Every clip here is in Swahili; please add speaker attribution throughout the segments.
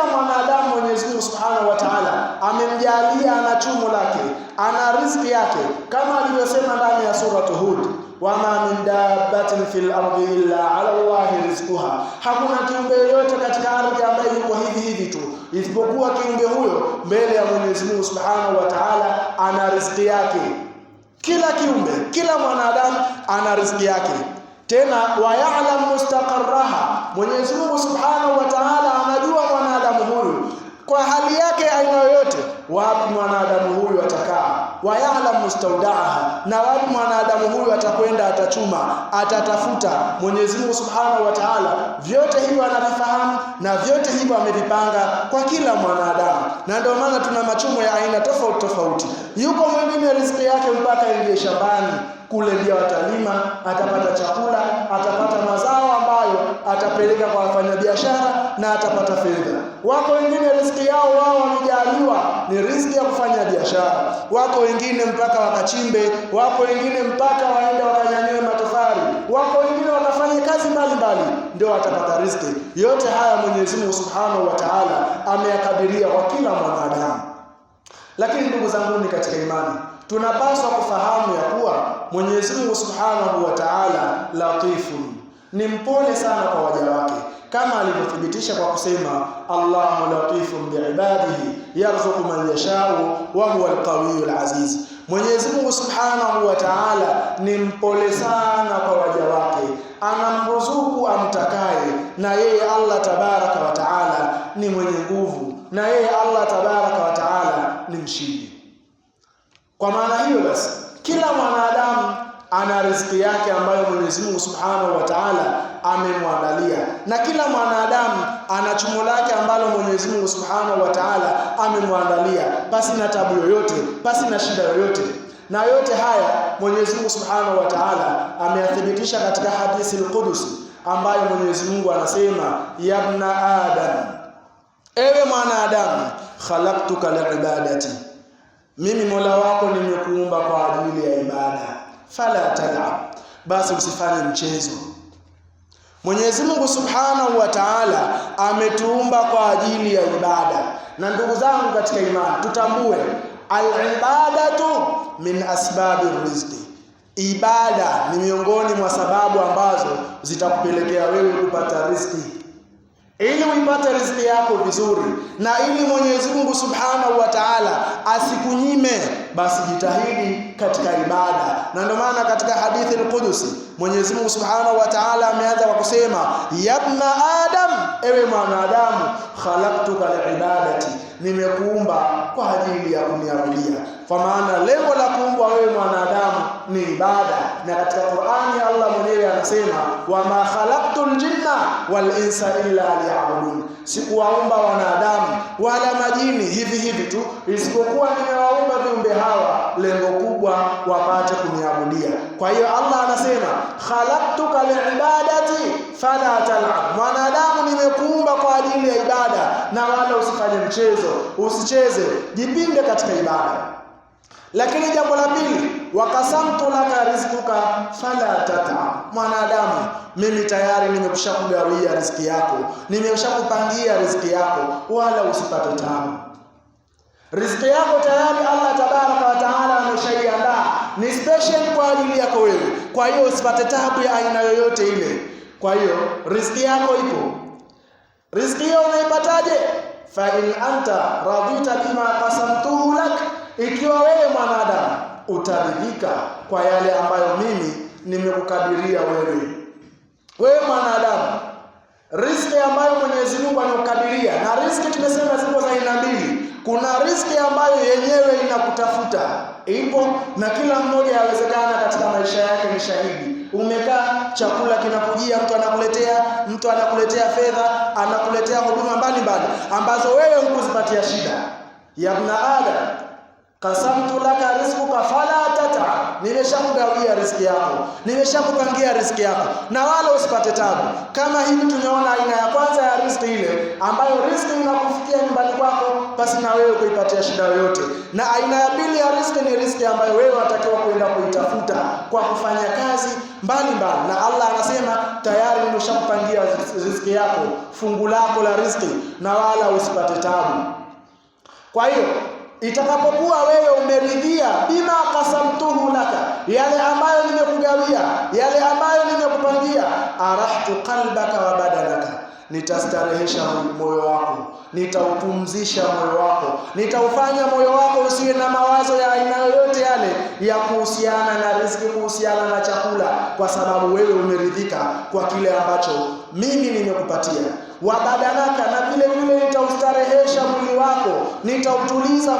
Speaker 1: kila mwanadamu Mwenyezi Mungu Subhanahu wa Ta'ala amemjalia ana chumo lake, ana riziki yake kama alivyosema ndani ya suratu Hud wama min dabbatin fil ardi illa ala Allahi rizquha, hakuna kiumbe yoyote katika ardhi ambaye yuko hivi hivi tu, isipokuwa kiumbe huyo mbele ya Mwenyezi Mungu Subhanahu wa Ta'ala ana riziki yake. Kila kiumbe, kila mwanadamu ana riziki yake tena wayalamu mustaqarraha, Mwenyezi Mungu Subhanahu wa Ta'ala anajua mwanadamu huyu kwa hali yake aina yoyote, wapi mwanadamu huyu atakaa, wayalamu mustaudaha, na wapi mwanadamu huyu atakwenda, atachuma, atatafuta. Mwenyezi Mungu Subhanahu wa Ta'ala vyote hivyo anavifahamu na vyote hivyo amevipanga kwa kila mwanadamu, na ndio maana tuna machumo ya aina tofauti tofauti. Yuko mwingine riziki yake mpaka ingie shambani kule watalima, atapata chakula, atapata mazao ambayo atapeleka kwa wafanyabiashara na atapata fedha. Wako wengine riziki yao wao wamejaliwa ni riziki ya kufanya biashara, wako wengine mpaka wakachimbe, wako wengine mpaka waende wakanyanyue matofali, wako wengine wakafanye kazi mbalimbali, ndio watapata riziki. Yote haya Mwenyezi Mungu Subhanahu wa Ta'ala ameyakadiria kwa kila mwanadamu. Lakini ndugu zangu, ni katika imani tunapaswa kufahamu ya kuwa Mwenyezi Mungu Subhanahu wa Ta'ala latifun, ni mpole sana kwa waja wake, kama alivyothibitisha kwa kusema Allahu latifun biibadihi yarzuqu man yashau wa huwa alqawiyul aziz. Mwenyezi Mungu Subhanahu wa Ta'ala ni mpole sana kwa waja wake, anamruzuku amtakaye, na yeye Allah tabaraka wa Ta'ala ni mwenye nguvu, na yeye Allah tabaraka wa Ta'ala ni mshindi. Kwa maana hiyo basi, kila mwanadamu ana riziki yake ambayo Mwenyezi Mungu Subhanahu wa Ta'ala amemwandalia, na kila mwanadamu ana chumo lake ambalo Mwenyezi Mungu Subhanahu wa Ta'ala amemwandalia, pasi na tabu yoyote, pasi na shida yoyote. Na yote haya Mwenyezi Mungu Subhanahu wa Ta'ala ameyathibitisha katika hadithi al qudus ambayo Mwenyezi Mungu anasema, yabna adam, ewe mwanadamu, khalaqtuka liibadati mimi Mola wako nimekuumba kwa ajili ya ibada, fala talab, basi usifanye mchezo. Mwenyezi Mungu Subhanahu wa Ta'ala ametuumba kwa ajili ya ibada, na ndugu zangu katika imani tutambue, al-ibadatu min asbabi rizqi, ibada ni miongoni mwa sababu ambazo zitakupelekea wewe kupata riziki ili uipate riziki yako vizuri, na ili Mwenyezi Mungu Subhanahu wa Ta'ala asikunyime basi jitahidi katika ibada. Na ndio maana katika hadithi al-Qudusi Mwenyezi Mungu Subhanahu wa Ta'ala ameanza kwa kusema yabna adam, ewe mwanadamu, khalaqtuka liibadati, nimekuumba kwa ajili ya kuniabudia. Kwa maana lengo la kuumbwa wewe mwanadamu ni ibada, na katika Qur'ani Allah mwenyewe anasema wama khalaqtul jinna wal insa illa liya'budun, sikuwaumba wanadamu wala majini hivi hivi tu, isipokuwa nimewaumba viumbe hawa lengo kubwa wapate kuniabudia. Kwa hiyo Allah anasema khalaqtuka liibadati fala tal'ab, mwanadamu nimekuumba kwa ajili ya ibada na wala usifanye mchezo, usicheze, jipinde katika ibada. Lakini jambo la pili, wakasamtu laka rizquka fala tata, mwanadamu, mimi tayari nimekushakugawia riziki yako, nimeshakupangia riziki yako, wala usipate tamaa. Riziki yako tayari Allah tabaraka wa taala ameshaiandaa, ni special kwa ajili yako wewe. Kwa hiyo usipate tabu ya aina yoyote ile. Kwa hiyo riziki yako ipo. Riziki hiyo unaipataje? fa in anta radita bima qasamtuhu lak, ikiwa wewe mwanadamu utaridhika kwa yale ambayo mimi nimekukadiria wewe. Wewe mwanadamu, riziki ambayo Mwenyezi Mungu anakukadiria, na riziki tumesema ziko za aina mbili kuna riski ambayo yenyewe inakutafuta ipo, na kila mmoja awezekana katika maisha yake ni shahidi. Umekaa, chakula kinakujia, mtu anakuletea, mtu anakuletea fedha, anakuletea huduma mbalimbali ambazo wewe hukuzipatia shida ya ibn Adam kasamtu laka rizquka fala tata, nimeshakugawia riziki yako, nimeshakupangia riziki yako, na wala usipate tabu. Kama hivi tumeona aina ya kwanza ya riziki ile ambayo riziki inakufikia nyumbani kwako pasi na wewe kuipatia shida yoyote, na aina ya pili ya riziki ni riziki ambayo wewe unatakiwa kuenda kuitafuta kwa kufanya kazi mbalimbali, na Allah anasema tayari nimeshakupangia riziki yako, fungu lako la riziki, na wala usipate tabu. Kwa hiyo itakapokuwa wewe umeridhia bima kasamtuhu laka, yale ambayo nimekugawia, yale ambayo nimekupangia, arahtu qalbaka wa badanaka, nitastarehesha moyo wako, nitaupumzisha moyo wako, nitaufanya moyo wako usiwe na mawazo ya aina yoyote yale ya kuhusiana na riziki, kuhusiana na chakula, kwa sababu wewe umeridhika kwa kile ambacho mimi nimekupatia wabadanaka, na vile vile nitaustarehesha mwili wako, nitautuliza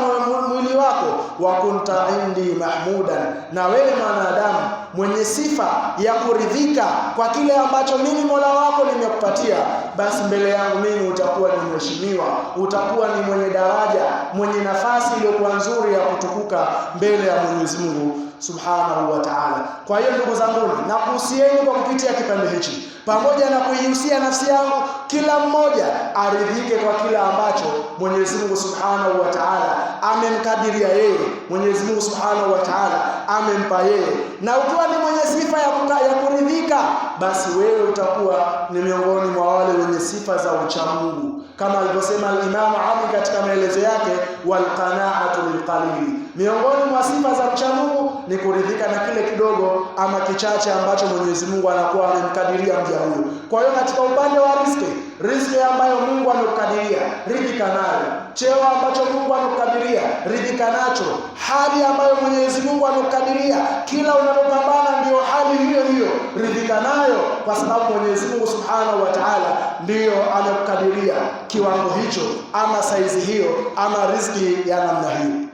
Speaker 1: mwili wako. Wa kunta indi mahmudan, na wewe mwanadamu mwenye sifa ya kuridhika kwa kile ambacho mimi Mola wako nimekupatia, basi mbele yangu mimi utakuwa ni mheshimiwa, utakuwa ni mwenye daraja, mwenye nafasi iliyokuwa nzuri ya kutukuka mbele ya Mwenyezi Mungu subhanahu wa ta'ala. Kwa hiyo ndugu zangu, nakuhusieni kwa kupitia kipande hichi, pamoja na kuihusia nafsi yangu, kila mmoja aridhike kwa kila ambacho Mwenyezi Mungu subhanahu wa ta'ala amemkadiria yeye, Mwenyezi Mungu subhanahu wa ta'ala amempa yeye, na ukiwa ni mwenye sifa ya, kuka, ya kuridhika, basi wewe utakuwa ni miongoni mwa wale wenye sifa za uchamungu kama alivyosema al-Imam Ali katika maelezo yake, wal qanaatu lil qalili, miongoni mwa sifa za mcha Mungu ni kuridhika na kile kidogo ama kichache ambacho Mwenyezi Mungu anakuwa amemkadiria mja huyo. Kwa hiyo katika upande wa riziki, riziki ambayo Mungu amekukadiria, ridhika nayo cheo ambacho Mungu anakukadiria, ridhika nacho. Hali ambayo Mwenyezi Mungu anakukadiria, kila unapopambana ndiyo hali hiyo hiyo, ridhika nayo, kwa sababu Mwenyezi Mungu Subhanahu wa Ta'ala ndiyo amekukadiria kiwango hicho ama saizi hiyo ama riziki ya namna hiyo.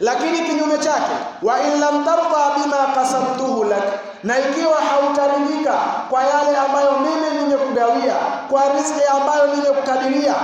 Speaker 1: Lakini kinyume chake, wa in lam tarda bima qasamtuhu lak, na ikiwa hautaridhika kwa yale ambayo mimi nimekugawia, kwa riziki ambayo nimekukadiria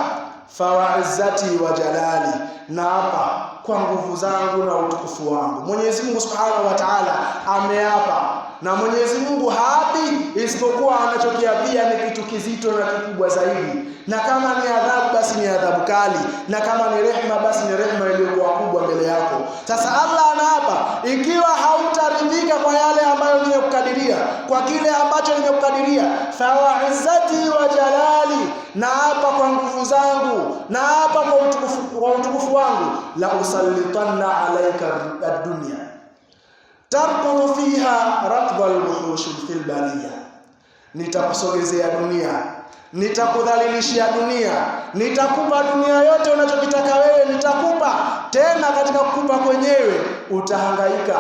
Speaker 1: fawaizati wa jalali, na hapa kwa nguvu zangu na utukufu wangu. Mwenyezi Mungu Subhanahu wa Ta'ala ameapa, na Mwenyezi Mungu haapi isipokuwa anachokiapia ni kitu kizito na kikubwa zaidi na kama ni adhabu basi ni adhabu kali, na kama ni rehma basi ni rehma iliyokuwa kubwa mbele yako. Sasa Allah anaapa, ikiwa hautaridhika kwa yale ambayo nimekukadiria, kwa kile ambacho nimekukadiria, wa izzati wa jalali, na hapa kwa nguvu zangu, na hapa kwa utukufu, kwa utukufu wangu, la usallitanna alaika ad-dunya tarkudu fiha ratba al-wuhush fil baliya, nitakusogezea dunia nitakudhalilishia dunia, nitakupa dunia yote unachokitaka wewe, nitakupa tena. Katika kukupa kwenyewe utahangaika,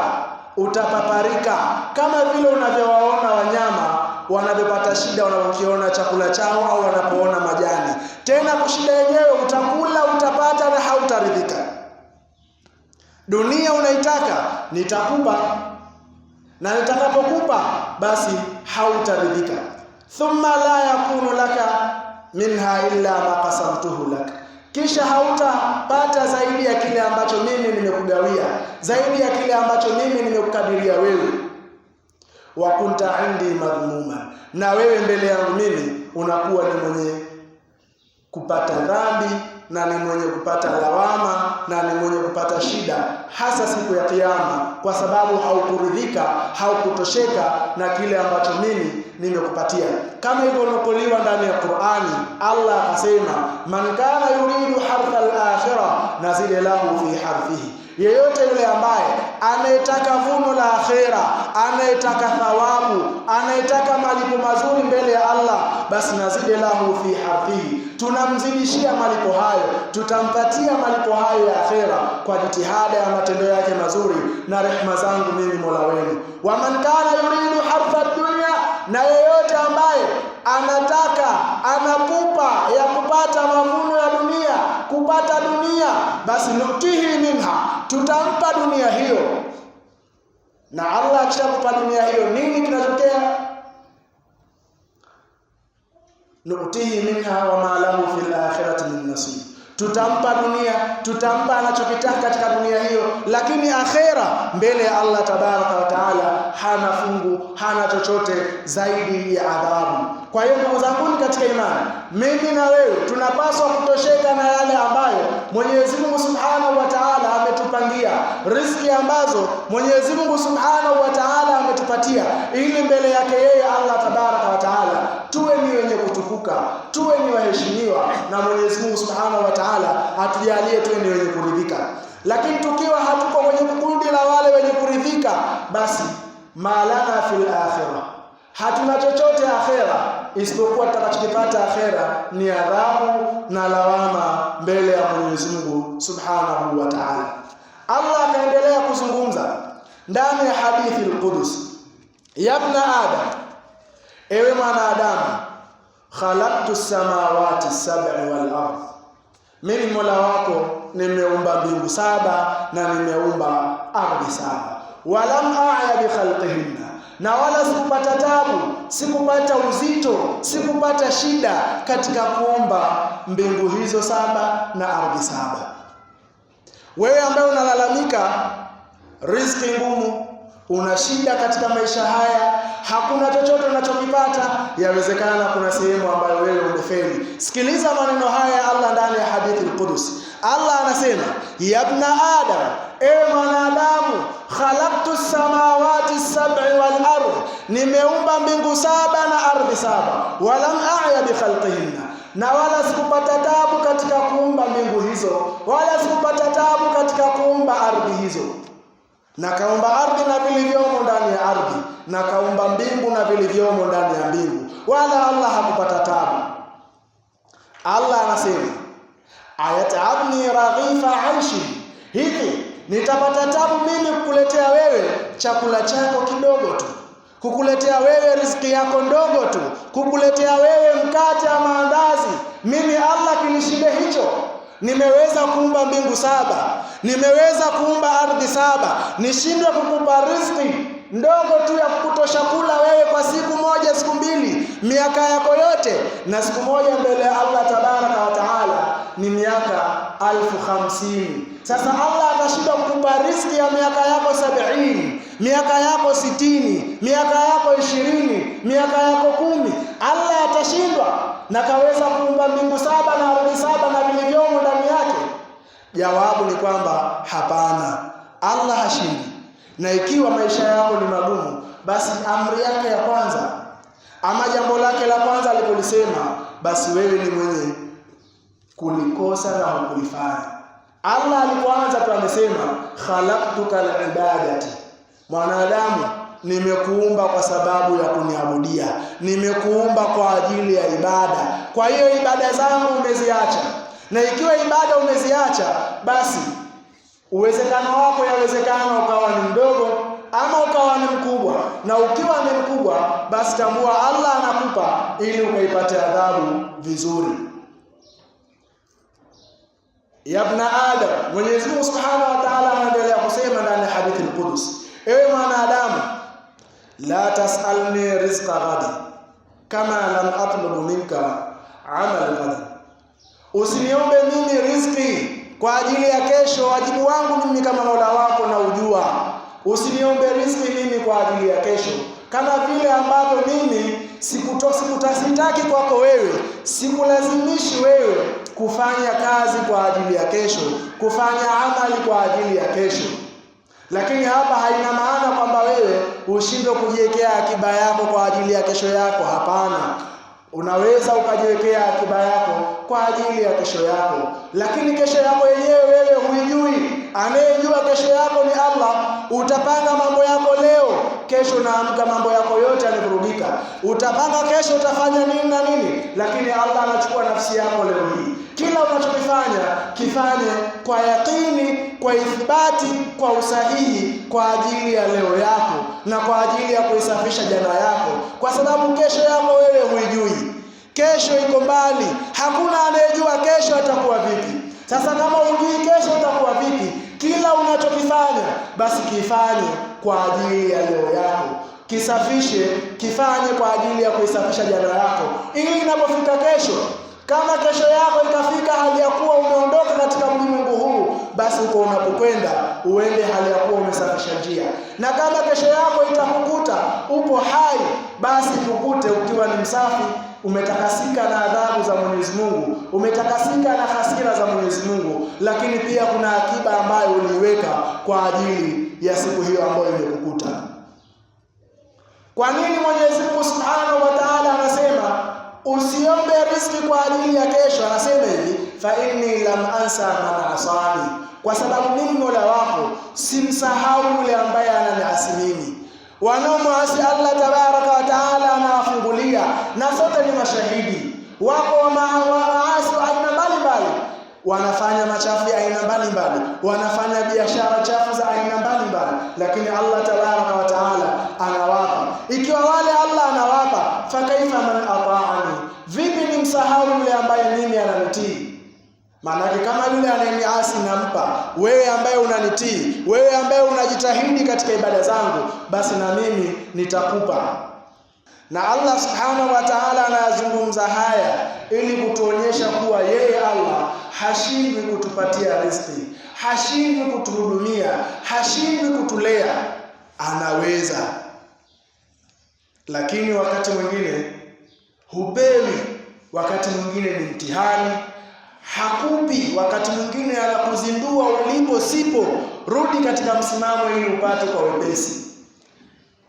Speaker 1: utapaparika, kama vile unavyowaona wanyama wanavyopata shida wanapokiona chakula chao au wanapoona majani. Tena kushida yenyewe utakula, utapata na hautaridhika. Dunia unaitaka, nitakupa, na nitakapokupa basi hautaridhika thumma la yakunu laka minha illa ma qasamtuhu laka, kisha hautapata zaidi ya kile ambacho mimi nimekugawia, zaidi ya kile ambacho mimi nimekukadiria wewe. Wa kunta indi madhmuma, na wewe mbele yangu mimi unakuwa ni mwenye kupata dhambi na ni mwenye kupata lawama na ni mwenye kupata shida, hasa siku ya Kiyama, kwa sababu haukuridhika, haukutosheka na kile ambacho mimi nimekupatia, kama hivyo ndani ya Qur'ani. Allah akasema, man kana yuridu harfa al-akhirah lahu fi harfihi, yeyote yule ambaye anayetaka vuno la akhera, anayetaka thawabu, anayetaka malipo mazuri mbele ya Allah, basi nazide lahu fi hadhihi, tunamzidishia malipo hayo, tutampatia malipo hayo ya akhera kwa jitihada ya matendo yake mazuri na rehema zangu mimi Mola wenu. waman kana yuridu harfa dunya na yeyote ambaye anataka anapupa ya kupata mavuno ya dunia, kupata dunia, basi nutihi minha, tutampa dunia hiyo. Na Allah akishakupa dunia hiyo, nini kinatokea? nutihi minha wa maalamu fil tutampa dunia, tutampa anachokitaka katika dunia hiyo, lakini akhera mbele ya Allah tabaraka wa taala hana fungu, hana chochote zaidi ya adhabu. Kwa hiyo ndugu zangu katika imani, mimi na wewe tunapaswa kutosheka na yale ambayo Mwenyezi Mungu subhanahu wa taala ametupangia, riziki ambazo Mwenyezi Mungu subhanahu wa taala ametupatia, ili mbele yake yeye Allah tabaraka wa taala tuwe ni wenye kutukuka, tuwe ni waheshimiwa na Mwenyezi Mungu Subhanahu wa Ta'ala atujalie tuwe ni wenye kuridhika. Lakini tukiwa hatuko kwenye kundi la wale wenye kuridhika, basi malana fil akhirah, hatuna chochote akhera isipokuwa tutakachokipata akhera ni adhabu na lawama mbele ya Mwenyezi Mungu Subhanahu wa Ta'ala. Allah akaendelea kuzungumza ndani ya hadithi al-Qudus, ya ibn Adam ewe mwanadamu, khalaqtu samawati sab'i wal ardh, mimi mola wako nimeumba mbingu saba na nimeumba ardhi saba. Walam aya bi khalqihinna, na wala sikupata tabu, sikupata uzito, sikupata shida katika kuumba mbingu hizo saba na ardhi saba. Wewe ambaye unalalamika riziki ngumu una shida katika maisha haya, hakuna chochote unachokipata, yawezekana kuna sehemu ambayo wewe umefeli. Sikiliza maneno haya ya Allah ndani ya hadithi al qudus Allah anasema yabna adam, e mwanadamu, khalaqtu samawati sab'i wal ardh, nimeumba mbingu saba na ardhi saba, walam a'ya bi khalqihinna na wala sikupata tabu katika kuumba mbingu hizo, wala sikupata tabu katika kuumba ardhi hizo na kaumba ardhi na vilivyomo ndani ya ardhi, na kaumba mbingu na vilivyomo ndani ya mbingu, wala Allah hakupata tabu. Allah anasema ayatabni raghifa aishi, hivi nitapata tabu mimi kukuletea wewe chakula chako kidogo tu, kukuletea wewe riziki yako ndogo tu, kukuletea wewe mkate wa maandazi? Mimi Allah kinishinde hicho? Nimeweza kuumba mbingu saba nimeweza kuumba ardhi saba, nishindwe kukupa riziki ndogo tu ya kukutosha kula wewe kwa siku moja, siku mbili, miaka yako yote? Na siku moja mbele ya Allah tabaraka wa taala ni miaka alfu hamsini. Sasa Allah atashindwa kukupa riziki ya miaka yako sabiini miaka yako sitini, miaka yako ishirini, miaka yako kumi? Allah atashindwa? Na kaweza kuumba mbingu saba na ardhi saba na vilivyomo ndani yake Jawabu ni kwamba hapana, Allah hashindi. Na ikiwa maisha yako ni magumu, basi amri yake ya kwanza ama jambo lake la kwanza alipolisema, basi wewe ni mwenye kulikosa na hukulifanya. Allah alipoanza tu amesema khalaqtuka liibadati, mwanadamu nimekuumba kwa sababu ya kuniabudia, nimekuumba kwa ajili ya ibada. Kwa hiyo ibada zangu umeziacha na ikiwa ibada umeziacha, basi uwezekano wako yawezekana ukawa ni mdogo ama ukawa ni mkubwa, na ukiwa ni mkubwa, basi tambua Allah anakupa ili ukaipate adhabu vizuri. Yabna Adam, Mwenyezi Mungu Subhanahu wa Ta'ala anaendelea kusema ndani ya hadithi al-Qudus, ewe mwanadamu, la tasalni rizqa ghadan kama lam atlubu minka amal ghadan Usiniombe mimi riziki kwa ajili ya kesho, wajibu wangu mimi kama Mola wako na ujua. Usiniombe riziki mimi kwa ajili ya kesho, kama vile ambavyo mimi sikutasitaki kwako wewe, sikulazimishi wewe kufanya kazi kwa ajili ya kesho, kufanya amali kwa ajili ya kesho. Lakini hapa haina maana kwamba wewe ushindwe kujiwekea akiba yako kwa ajili ya kesho yako. Hapana. Unaweza ukajiwekea akiba yako kwa ajili ya kesho yako, lakini kesho yako yenyewe wewe huijui. Anayejua kesho yako ni Allah. Utapanga mambo yako leo, kesho naamka mambo yako yote yamevurugika. Utapanga kesho utafanya nini na nini, lakini Allah anachukua nafsi yako leo hii. Kila unachokifanya kifanye kwa yakini, kwa ithibati, kwa usahihi, kwa ajili ya leo yako na kwa ajili ya kuisafisha jana yako, kwa sababu kesho yako wewe huijui. Kesho iko mbali, hakuna anayejua kesho atakuwa vipi. Sasa kama hujui kesho utakuwa vipi, kila unachokifanya basi kifanye kwa ajili ya leo yako kisafishe, kifanye kwa ajili ya kuisafisha jana yako, ili inapofika kesho kama kesho yako ikafika hali ya kuwa umeondoka katika ulimwengu huu, basi uko unapokwenda uende hali ya kuwa umesafisha njia, na kama kesho yako itakukuta upo hai, basi kukute ukiwa ni msafi, umetakasika na adhabu za Mwenyezi Mungu, umetakasika na hasira za Mwenyezi Mungu, lakini pia kuna akiba ambayo uliweka kwa ajili ya siku hiyo ambayo imekukuta. Kwa nini Mwenyezi Mungu Subhanahu wa Ta'ala anasema usiombe riziki kwa ajili ya kesho. Anasema hivi, fa inni lam ansa man asani, kwa sababu mimi mola wako simsahau yule ambaye ananiasi mimi. Wanaomwasi Allah tabaraka wa taala anawafungulia, na sote ni mashahidi. Wako maasi wa aina mbalimbali, wanafanya machafu ya aina mbalimbali, wanafanya biashara chafu za aina mbalimbali, lakini Allah tabaraka wa taala anawapa. Ikiwa wale Allah anawapa fakaifa msisahau yule ambaye mimi ananitii. Maanake kama yule anayeniasi nampa, wewe ambaye unanitii, wewe ambaye unajitahidi katika ibada zangu, basi na mimi nitakupa. Na Allah subhanahu wa ta'ala anayazungumza haya ili kutuonyesha kuwa yeye Allah hashindwi kutupatia riziki, hashindwi kutuhudumia, hashindwi kutulea, anaweza. Lakini wakati mwingine hupewi wakati mwingine ni mtihani, hakupi wakati mwingine anakuzindua ulipo sipo. Rudi katika msimamo ili upate kwa wepesi.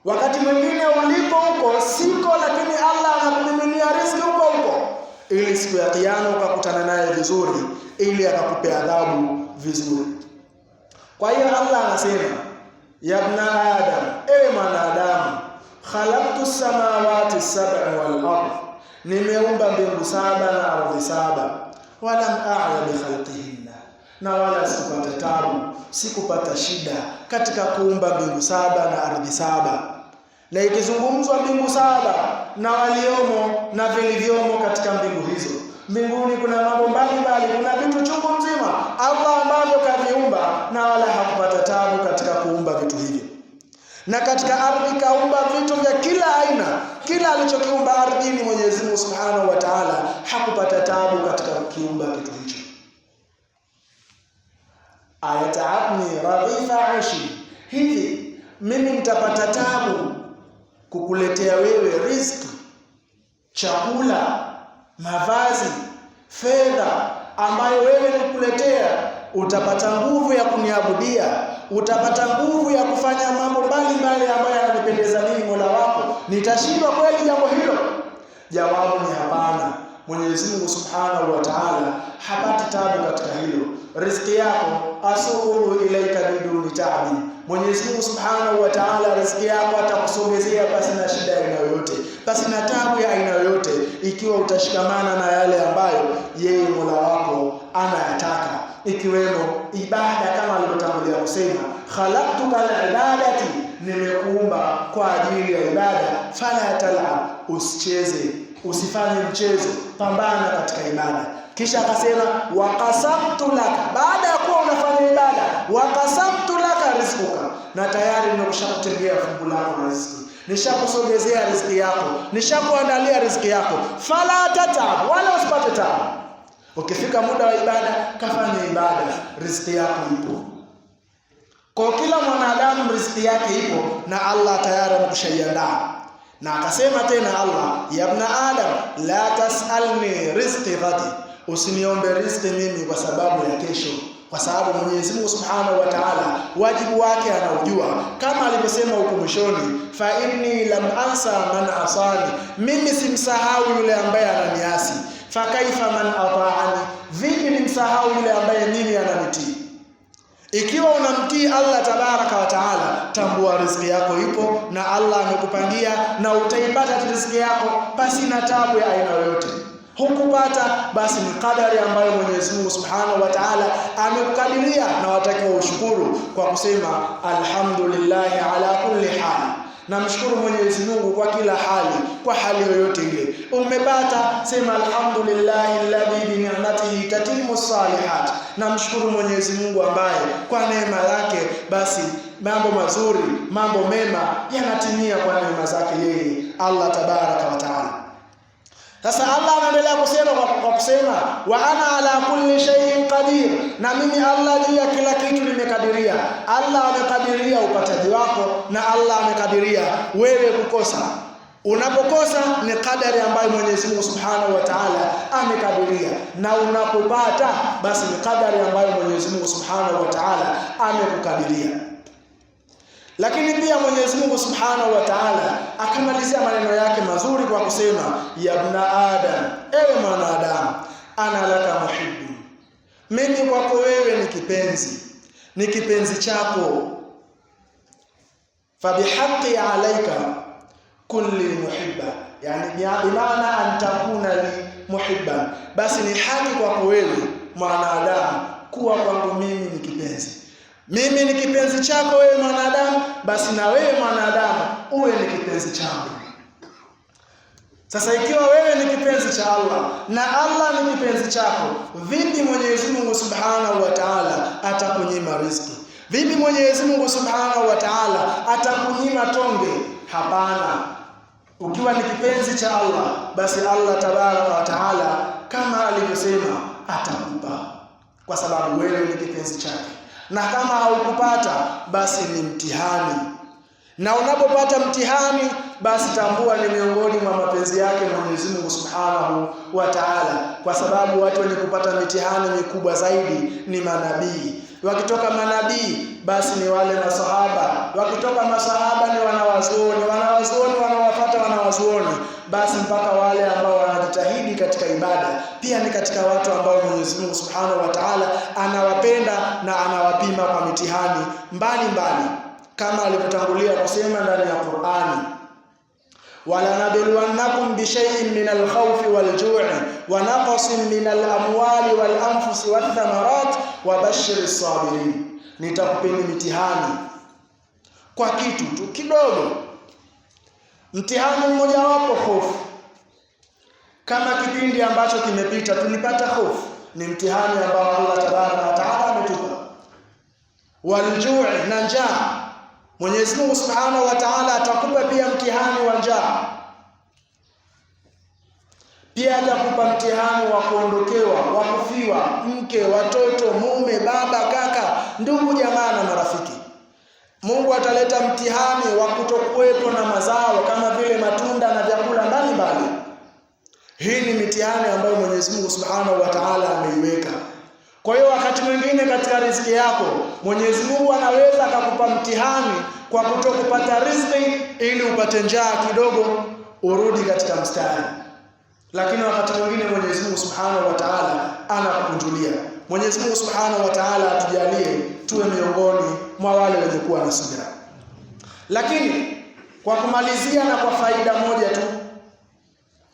Speaker 1: Wakati mwingine ulipo huko siko, lakini Allah anakumiminia riziki huko huko, ili siku ya Kiyama ukakutana naye vizuri, ili akakupe adhabu vizuri. Kwa hiyo Allah anasema ya ibna adam, e mwanadamu, khalaqtu samawati sab'a wal ardh nimeumba mbingu saba na ardhi saba, walam a'ya bi khalqihinna, na wala sikupata tabu, sikupata shida katika kuumba mbingu saba na ardhi saba. Na ikizungumzwa mbingu saba na waliomo na vilivyomo katika mbingu hizo, mbinguni kuna mambo mbalimbali, kuna vitu chungu mzima Allah ambavyo kaviumba, na wala hakupata tabu katika kuumba vitu hivi na katika ardhi kaumba vitu vya kila aina. Kila alichokiumba ardhini Mwenyezi Mungu Subhanahu wa Ta'ala hakupata tabu katika kukiumba kitu hicho. Ayataabni radhifa ashi, hivi mimi nitapata tabu kukuletea wewe riziki, chakula, mavazi, fedha ambayo wewe nikuletea, utapata nguvu ya kuniabudia utapata nguvu ya kufanya mambo mbalimbali ambayo yananipendeza mimi Mola wako. Nitashindwa kweli jambo hilo? Jawabu ni hapana. Mwenyezi Mungu Subhanahu wa Ta'ala hapati tabu katika hilo. Riziki yako asuhuru ilaika biduni tabi. Mwenyezi Mungu Subhanahu wa Ta'ala riziki yako atakusogezea pasi na shida ya aina yoyote, pasi na tabu ya aina yoyote, ikiwa utashikamana na yale ambayo yeye Mola wako anayataka ikiwemo ibada kama alivyotangulia kusema, khalaqtuka liibadati, nimekuumba kwa ajili ya ibada. Fala talab, usicheze, usifanye mchezo, pambana katika ibada. Kisha akasema waqasabtu laka, baada ya kuwa unafanya ibada, waqasabtu laka rizquka, na tayari nimekushakutengea fungu lako na riziki nishakusogezea riziki yako, nishakuandalia riziki yako. Fala tatab, wala usipate tabu Ukifika muda wa ibada, kafanya ibada, riziki yako ipo. Kwa kila mwanadamu riziki yake ipo, na Allah tayari amekushaiandaa. Na akasema tena Allah, ya ibn adam la tasalni rizqi ghadi, usiniombe riziki mimi kwa sababu ya kesho kwa sababu Mwenyezi Mungu Subhanahu wa Ta'ala wajibu wake anaujua, kama alivyosema huko mwishoni, fa inni lam ansa man asani, mimi simsahau yule ambaye ananiasi fakaifa man ataani, vipi nimsahau yule ambaye mimi ananitii? Ikiwa unamtii Allah tabaraka wa taala, tambua riziki yako ipo na Allah amekupangia na utaipata riziki yako basi na tabu ya aina yoyote. Hukupata basi ni kadari ambayo Mwenyezi Mungu Subhanahu wa Ta'ala amekukadiria, na watakiwa ushukuru kwa kusema alhamdulillah ala kulli hal Namshukuru Mwenyezi Mungu kwa kila hali, kwa hali yoyote ile. Umepata, sema alhamdulillahi alladhi bi ni'matihi tatimu salihat. Namshukuru Mwenyezi Mungu ambaye kwa neema yake basi mambo mazuri, mambo mema yanatimia kwa neema zake yeye Allah tabaraka wa taala. Sasa Allah anaendelea kusema kwa kusema wa ana ala kulli shay'in qadir, na mimi Allah juu ya kila kitu nimekadiria. Allah amekadiria upataji wako na Allah amekadiria wewe kukosa. Unapokosa ni kadari ambayo Mwenyezi Mungu Subhanahu wa Ta'ala amekadiria, na unapopata basi ni kadari ambayo Mwenyezi Mungu Subhanahu wa Ta'ala amekukadiria. Lakini pia Mwenyezi Mungu Subhanahu wa Ta'ala akamalizia maneno yake mazuri kwa kusema yabna adam, ewe mwanadamu, ana laka muhibbu, mimi kwako wewe ni kipenzi, ni kipenzi chako. Fabihaqi alaika kulli muhibba, yani bimaana an takuna li muhibban, basi ni haki kwako wewe mwanadamu kuwa kwangu mimi ni kipenzi mimi ni kipenzi chako wewe mwanadamu, basi na wewe mwanadamu uwe ni kipenzi changu. Sasa ikiwa wewe ni kipenzi cha Allah na Allah ni kipenzi chako, vipi Mwenyezi Mungu Subhanahu wa Ta'ala atakunyima riziki? Vipi Mwenyezi Mungu Subhanahu wa Ta'ala atakunyima tonge? Hapana. Ukiwa ni kipenzi cha Allah, basi Allah Tabaraka wa Ta'ala kama alivyosema atakupa, kwa sababu wewe ni kipenzi chake na kama haukupata basi ni mtihani, na unapopata mtihani basi tambua ni miongoni mwa mapenzi yake Mwenyezi Mungu Subhanahu wa Ta'ala, kwa sababu watu wenye kupata mitihani mikubwa zaidi ni manabii wakitoka manabii basi ni wale masahaba, wakitoka masahaba ni wanawazuoni, wanawazuoni wanawafuata wanawazuoni, basi mpaka wale ambao wanajitahidi katika ibada. Pia ni katika watu ambao Mwenyezi Mungu Subhanahu wa Ta'ala anawapenda na anawapima kwa mitihani mbalimbali mbali, kama alivyotangulia kusema ndani ya Qur'ani. ولنبلونكم بشيء من الخوف والجوع ونقص min alamwali walanfusi walthamarat wabashir sabirin nitakupeni mitihani kwa kitu tu kidogo mtihani wapo hofu kama kipindi ambacho kimepita tulipata hofu ni mtihani ambao Allah tabaraka wa taala ametupa waljuu na njaa Mwenyezi Mungu Subhanahu wa Ta'ala atakupa pia mtihani wa njaa, pia atakupa mtihani wa kuondokewa, wa kufiwa, mke, watoto, mume, baba, kaka, ndugu, jamaa na marafiki. Mungu ataleta mtihani wa kutokuwepo na mazao kama vile matunda na vyakula mbalimbali. Hii ni mitihani ambayo Mwenyezi Mungu Subhanahu wa Ta'ala ameiweka. Kwa hiyo wakati mwingine katika riziki yako Mwenyezi Mungu anaweza akakupa mtihani kwa kutokupata riziki, ili upate njaa kidogo urudi katika mstari, lakini wakati mwingine Mwenyezi Mungu Subhanahu wa Ta'ala anakukunjulia. Mwenyezi Mungu Subhanahu wa Ta'ala atujalie tuwe miongoni mwa wale wenye kuwa na subira. Lakini kwa kumalizia na kwa faida moja tu,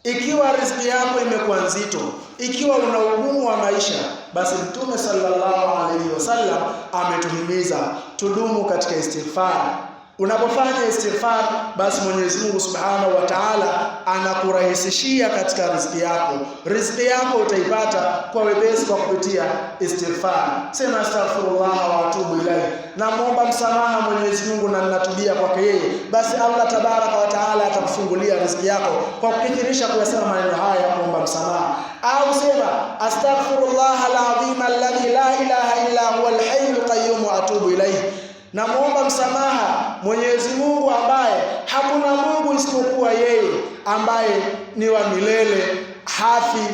Speaker 1: ikiwa riziki yako imekuwa nzito, ikiwa una ugumu wa maisha basi Mtume sallallahu alaihi wasallam ametuhimiza tudumu katika istighfar Unapofanya istighfar basi Mwenyezi Mungu Subhanahu wa Ta'ala anakurahisishia katika riziki yako. Riziki yako utaipata kwa wepesi kwa kupitia istighfar. Sema astaghfirullah wa atubu ilayhi, namwomba msamaha Mwenyezi Mungu na ninatubia kwake yeye, basi Allah tabaraka wa Ta'ala atakufungulia riziki yako kwa kukithirisha kuyasema maneno haya ya kuomba msamaha. Au sema astaghfirullah alazim alladhi la ilaha illa huwa alhayyul qayyum wa atubu ilayhi Namwomba msamaha Mwenyezi Mungu ambaye hakuna Mungu isipokuwa yeye, ambaye ni wa milele hafi,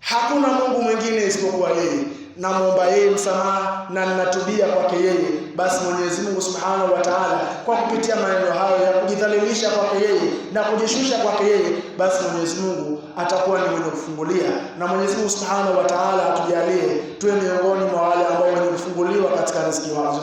Speaker 1: hakuna Mungu mwingine isipokuwa yeye. Namwomba yeye msamaha na ninatubia kwake yeye basi Mwenyezi Mungu Subhanahu wa Ta'ala, kwa kupitia maneno hayo ya kujidhalilisha kwake yeye na kujishusha kwake yeye, basi Mwenyezi Mungu atakuwa ni mwenye kufungulia. Na Mwenyezi Mungu Subhanahu wa Ta'ala atujalie tuwe miongoni mwa wale ambao wenye kufunguliwa katika riziki wao,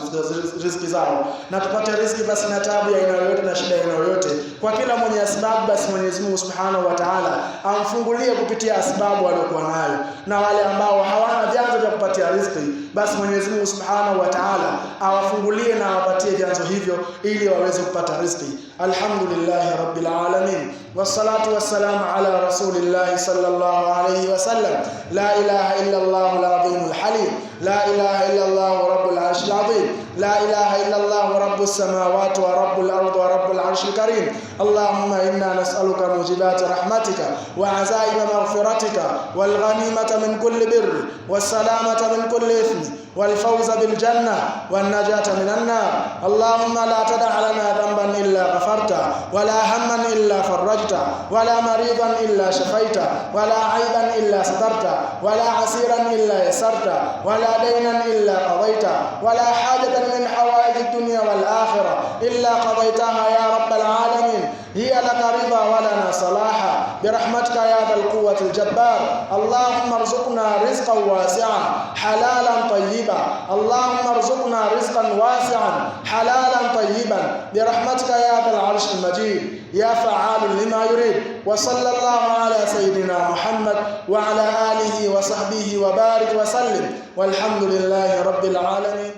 Speaker 1: riziki zao, na tupate riziki basi na taabu ya aina yoyote na shida ya aina yoyote, kwa kila mwenye asbabu, basi Mwenyezi Mungu Subhanahu wa Ta'ala amfungulie kupitia asbabu aliyokuwa nayo, na wale ambao hawana vyanzo vya kupatia riziki, basi Mwenyezi Mungu Subhanahu wa Ta'ala awafungulie na awapatie vyanzo hivyo ili waweze kupata riziki. Alhamdulillahi rabbil alamin wassalatu wassalamu ala rasulillahi sallallahu alayhi wasallam. La ilaha illa Allahul azimul alhalim. la ilaha illa Allahu rabbul arshil azim. لا إله إلا الله رب السماوات ورب الأرض ورب العرش الكريم اللهم إنا نسألك موجبات رحمتك وعزائم مغفرتك والغنيمة من كل بر والسلامة من كل إثم والفوز بالجنة والنجاة من النار اللهم لا تدع لنا ذنبا إلا غفرته ولا هما إلا فرجته ولا مريضا إلا شفيته ولا عيبا إلا سترته ولا عسيرا إلا يسرته ولا دينا إلا قضيته ولا حاجة من حوائج الدنيا والآخرة إلا قضيتها يا رب العالمين هي لك رضا ولنا صلاحا برحمتك يا ذا القوة الجبار اللهم ارزقنا رزقا واسعا حلالا طيبا اللهم ارزقنا رزقا واسعا حلالا طيبا برحمتك يا ذا العرش المجيد يا فعال لما يريد وصلى الله على سيدنا محمد وعلى آله وصحبه وبارك وسلم والحمد لله رب العالمين